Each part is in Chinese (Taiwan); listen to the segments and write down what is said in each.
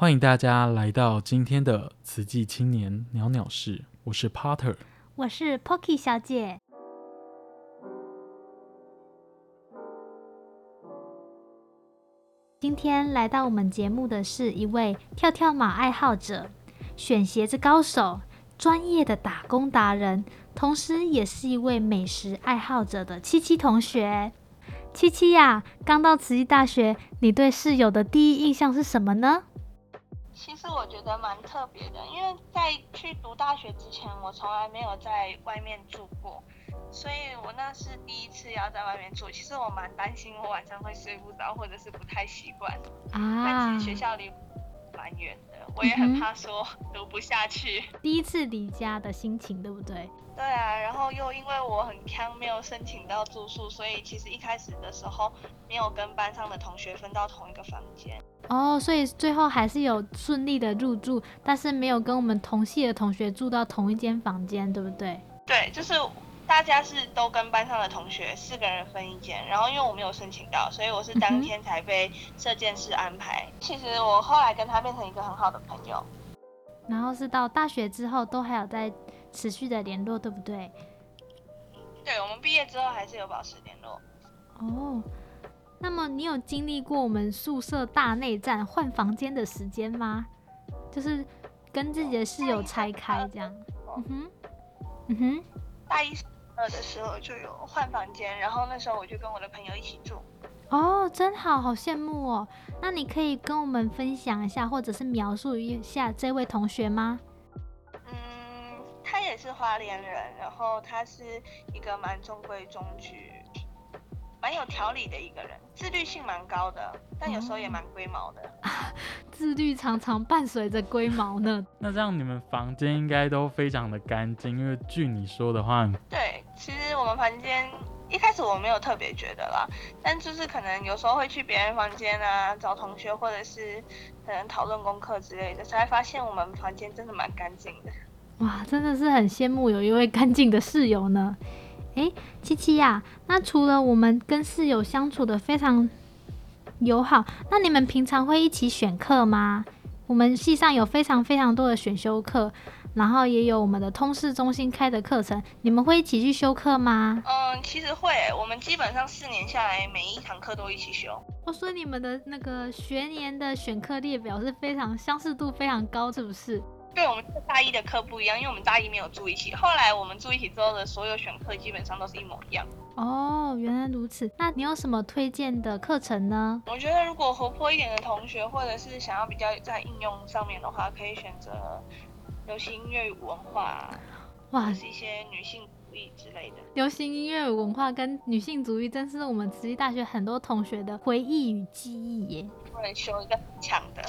歡迎大家來到今天的《慈濟青年鳥鳥室》，我是 Potter，我是 Pokey 小姐。今天來到我們節目的是一位跳跳馬愛好者、選鞋子高手、專業的打工達人，同時也是一位美食愛好者的七七同學。七七呀、啊，剛到慈濟大學，你對室友的第一印象是什麼呢？其實我覺得蠻特別的，因為在去讀大學之前，我從來沒有在外面住過，所以我那是第一次要在外面住。其實我蠻擔心，我晚上會睡不着，或者是不太習慣。啊。但是學校裡蠻遠的，我也很怕說讀不下去。嗯、哼 第一次離家的心情，對不對？對啊，然後又因為我很倉，沒有申請到住宿，所以其實一開始的時候沒有跟班上的同學分到同一個房間。哦，所以最後還是有順利的入住，但是沒有跟我們同系的同學住到同一間房間，對不對？對，就是。大家是都跟班上的同學四個人分一間，然後因為我沒有申請到，所以我是當天才被這件事安排。嗯哼。其實我後來跟他變成一個很好的朋友，然後是到大學之後都還有在持續的聯絡，對不對？嗯，對，我們畢業之後還是有保持聯絡。哦，那麼你有經歷過我們宿舍大內戰換房間的時間嗎？就是跟自己的室友拆開這樣。嗯哼，嗯哼，大一，的時候就有換房間，然後那時候我就跟我的朋友一起住。哦，真好，好羨慕哦。那你可以跟我們分享一下，或者是描述一下這位同學嗎？嗯，他也是花蓮人，然後他是一個蠻中規中矩、蠻有條理的一個人，自律性蠻高的，但有時候也蠻龜毛的。嗯、 自律常常伴隨着龜毛呢。 那這樣你們房間應該都非常的乾淨，因為據你說的話，對。我們房間一開始我沒有特別覺得啦，但就是可能有時候會去別人房間啊找同學，或者是可能討論功課之類的，才發現我們房間真的蠻乾淨的。哇，真的是很羨慕有一位乾淨的室友呢。哎，七七呀、啊，那除了我們跟室友相處得非常友好，那你們平常會一起選課嗎？我們系上有非常非常多的選修課。然後也有我們的通識中心開的課程，你們會一起去修課嗎？嗯，其實會，我們基本上四年下來，每一堂課都一起修。我說、哦、你們的那個學年的選課列表是非常相似度非常高，是不是？對，我們大一的課不一樣，因為我們大一沒有住一起，後來我們住一起之後的所有選課基本上都是一模一樣。哦，原來如此。那你有什麼推薦的課程呢？我覺得如果活潑一點的同學，或者是想要比較在應用上面的話，可以選擇。流行音樂文化，哇，是一些女性主義之類的。流行音樂文化跟女性主義，真是我們慈濟大學很多同學的回憶與記憶耶。不能修一個很強的。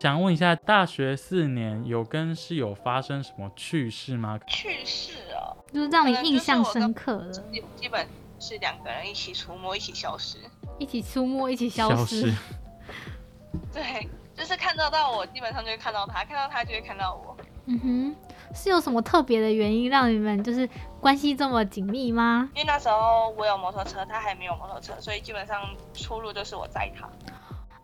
想問一下，大學四年有跟室友發生什麼趣事嗎？趣事哦，就是讓你印象深刻的。基本是兩個人一起出沒，一起消失。一起出沒，一起消失。消失 對。看到到我，基本上就會看到他；看到他，就會看到我。嗯哼，是有什麼特別的原因讓你們就是關係這麼緊密嗎？因為那時候我有摩托車，他還沒有摩托車，所以基本上出入就是我載他。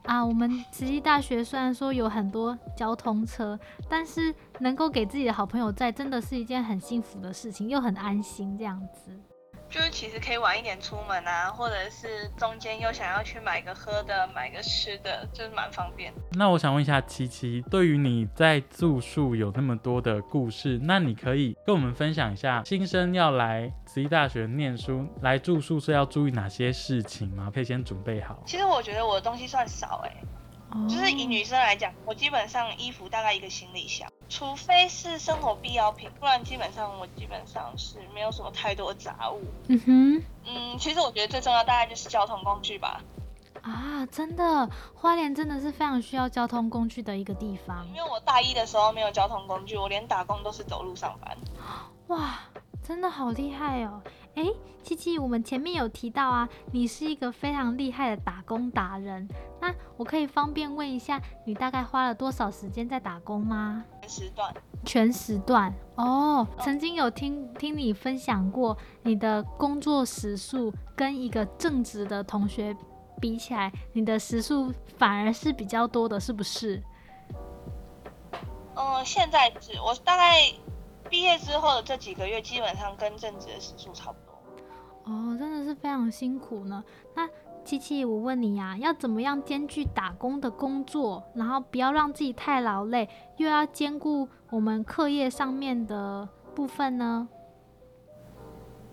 啊，我們慈濟大學雖然說有很多交通車，但是能夠給自己的好朋友載，真的是一件很幸福的事情，又很安心這樣子。就是其實可以晚一點出門啊，或者是中間又想要去買個喝的、買個吃的，就是蠻方便。那我想問一下，七七，對於你在住宿有那麼多的故事，那你可以跟我們分享一下，新生要來慈濟大學念書，來住宿是要注意哪些事情嗎？可以先準備好。其實我覺得我的東西算少哎、欸，哦、就是以女生來講，我基本上衣服大概一個行李箱。除非是生活必要品，不然基本上我基本上是沒有什麼太多雜物。嗯哼，嗯，其實我覺得最重要的大概就是交通工具吧。啊，真的，花蓮真的是非常需要交通工具的一個地方。因為我大一的時候沒有交通工具，我連打工都是走路上班。哇，真的好厲害哦。哎，七七，我們前面有提到啊，你是一個非常厲害的打工達人。那我可以方便問一下，你大概花了多少時間在打工嗎？全時段，全時段哦。哦，曾經有聽聽你分享過，你的工作時數跟一個正職的同學比起來，你的時數反而是比較多的，是不是？嗯、呃，現在只我大概畢業之後的這幾個月，基本上跟正職的時數差不多。哦，真的是非常辛苦呢。那七七，我問你啊，要怎麼樣兼具打工的工作，然後不要讓自己太勞累，又要兼顧我們課業上面的部分呢？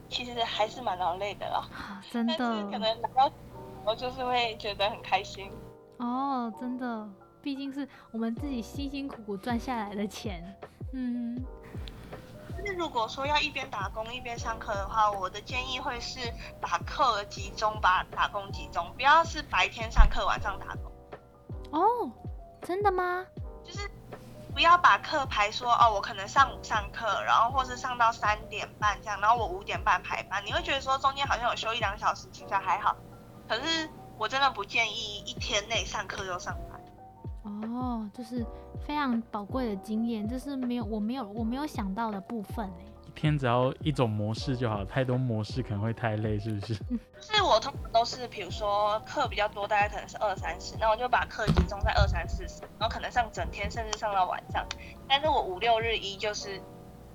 其實還是蠻勞累的了、啊。真的。可能拿到，我就是會覺得很開心。哦，真的，畢竟是我們自己辛辛苦苦賺下來的錢。嗯。那如果說要一邊打工一邊上課的話，我的建議會是把課集中，把打工集中，不要是白天上課，晚上打工。哦，oh, 真的嗎？就是不要把課排說哦，我可能上午上課，然後或是上到三點半這樣，然後我五點半排班。你會覺得說中間好像有休一兩個小時，其實還好。可是我真的不建議一天內上課又上哦，就是非常寶貴的經驗，就是沒有我沒有我沒有想到的部分哎、欸。一天只要一種模式就好了，太多模式可能會太累，是不是？是、嗯、我通常都是，比如說課比較多，大概可能是二三十，那我就把課集中在二三四十，然後可能上整天，甚至上到晚上。但是我五六日一就是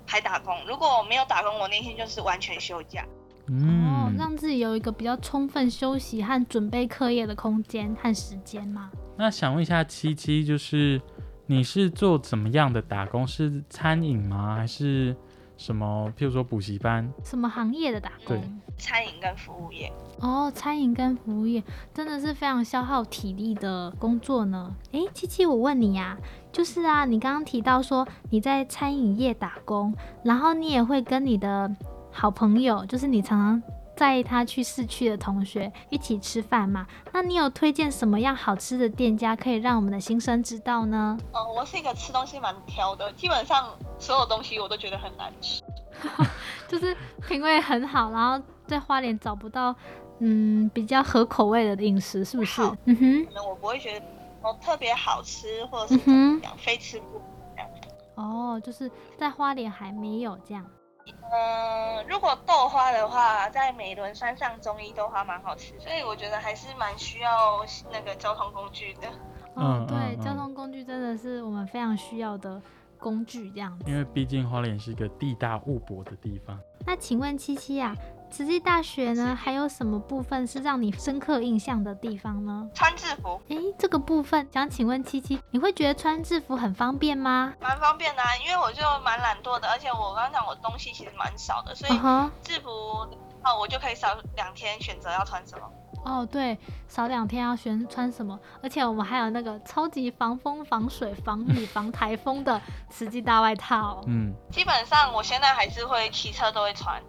排打工，如果我沒有打工，我那天就是完全休假。嗯、哦，讓自己有一個比較充分休息和準備課業的空間和時間嗎？那想問一下七七，就是你是做怎麼樣的打工？是餐飲嗎？還是什麼？譬如說補習班？什麼行業的打工？嗯、對，餐飲跟服務業。哦，餐飲跟服務業真的是非常消耗體力的工作呢。哎、欸，七七，我問你呀、啊，就是啊，你剛剛提到說你在餐飲業打工，然後你也會跟你的好朋友，就是你常常。帶他去市區的同學一起吃飯嘛。那你有推薦什麼樣好吃的店家，可以讓我們的新生知道呢？哦、呃，我是一個吃東西蠻挑的，基本上所有東西我都覺得很難吃， 就是品味很好，然後在花蓮找不到嗯比較合口味的飲食，是不是？不好嗯哼。可能我不會覺得哦特別好吃，或者是怎麼、嗯、哼非吃不可這樣子。哦，就是在花蓮還沒有這樣。嗯，如果豆花的話，在美崙山上中醫豆花蠻好吃，所以我覺得還是蠻需要那個交通工具的。嗯，嗯，嗯、哦，對，交通工具真的是我們非常需要的工具，這樣。因為畢竟花蓮是一個地大物博的地方。那請問七七呀、啊？實際大學呢，禧還有什麼部分是讓你深刻印象的地方呢？穿制服。哎、欸，這個部分想請問七七，你會覺得穿制服很方便嗎？蠻方便的、啊，因為我就蠻懶惰的，而且我剛才我東西其實蠻少的，所以制服啊、uh huh 哦、我就可以少兩天選擇要穿什麼。哦，對，少兩天要選穿什麼。而且我們還有那個超級防風、防水、防雨、防台風的慈濟大外套。嗯，基本上我現在還是會騎車都會穿。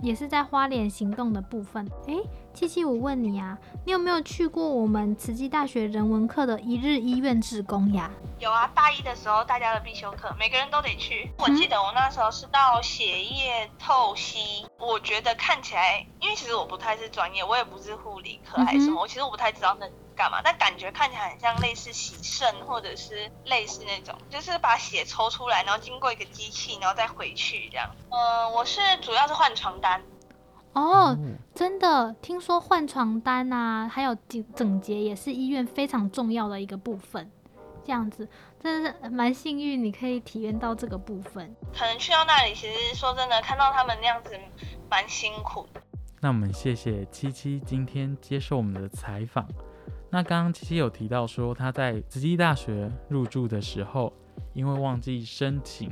也是在花蓮行動的部分，哎。七七，我問你啊，你有沒有去過我們慈濟大學人文課的一日醫院志工呀？有啊，大一的時候大家的必修課，每個人都得去。嗯、我記得我那時候是到血液透析，我覺得看起來，因為其實我不太是專業，我也不是護理科還是什麼，嗯、哼我其實我不太知道那幹嘛，但感覺看起來很像類似洗腎或者是類似那種，就是把血抽出來，然後經過一個機器，然後再回去這樣。嗯、呃，我是主要是換床單。哦，真的，聽說換床單啊，還有整整潔也是醫院非常重要的一個部分。這樣子，真是蠻幸運，你可以體驗到這個部分。可能去到那裡，其實說真的，看到他們那樣子，蠻辛苦。那我們謝謝七七今天接受我們的採訪。那剛剛七七有提到說，他在慈濟大學入住的時候，因為忘記申請，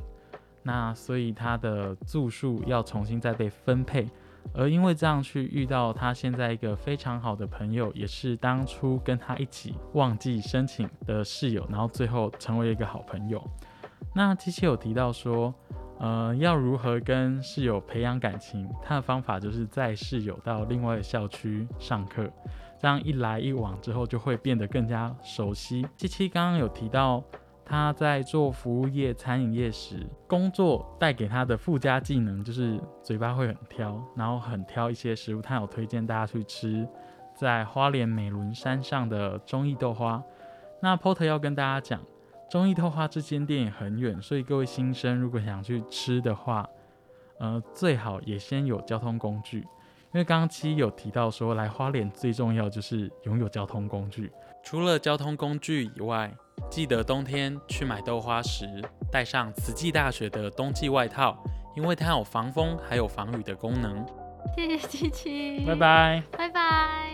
那所以他的住宿要重新再被分配。而因為這樣去遇到他現在一個非常好的朋友，也是當初跟他一起忘記申請的室友，然後最後成為一個好朋友。那七七有提到說，呃，要如何跟室友培養感情？他的方法就是載室友到另外一個校區上課，這樣一來一往之後，就會變得更加熟悉。七七剛剛有提到。他在做服務業、餐飲業時，工作帶給他的附加技能就是嘴巴會很挑，然後很挑一些食物。他有推薦大家去吃，在花蓮美崙山上的忠義豆花。那 Porter 要跟大家講，忠義豆花這間店也很遠，所以各位新生如果想去吃的話，呃，最好也先有交通工具。因為剛剛七有提到說，來花蓮最重要就是擁有交通工具，除了交通工具以外，記得冬天去買豆花時，帶上慈濟大學的冬季外套，因為它有防風還有防雨的功能。謝謝七七，拜拜，拜拜。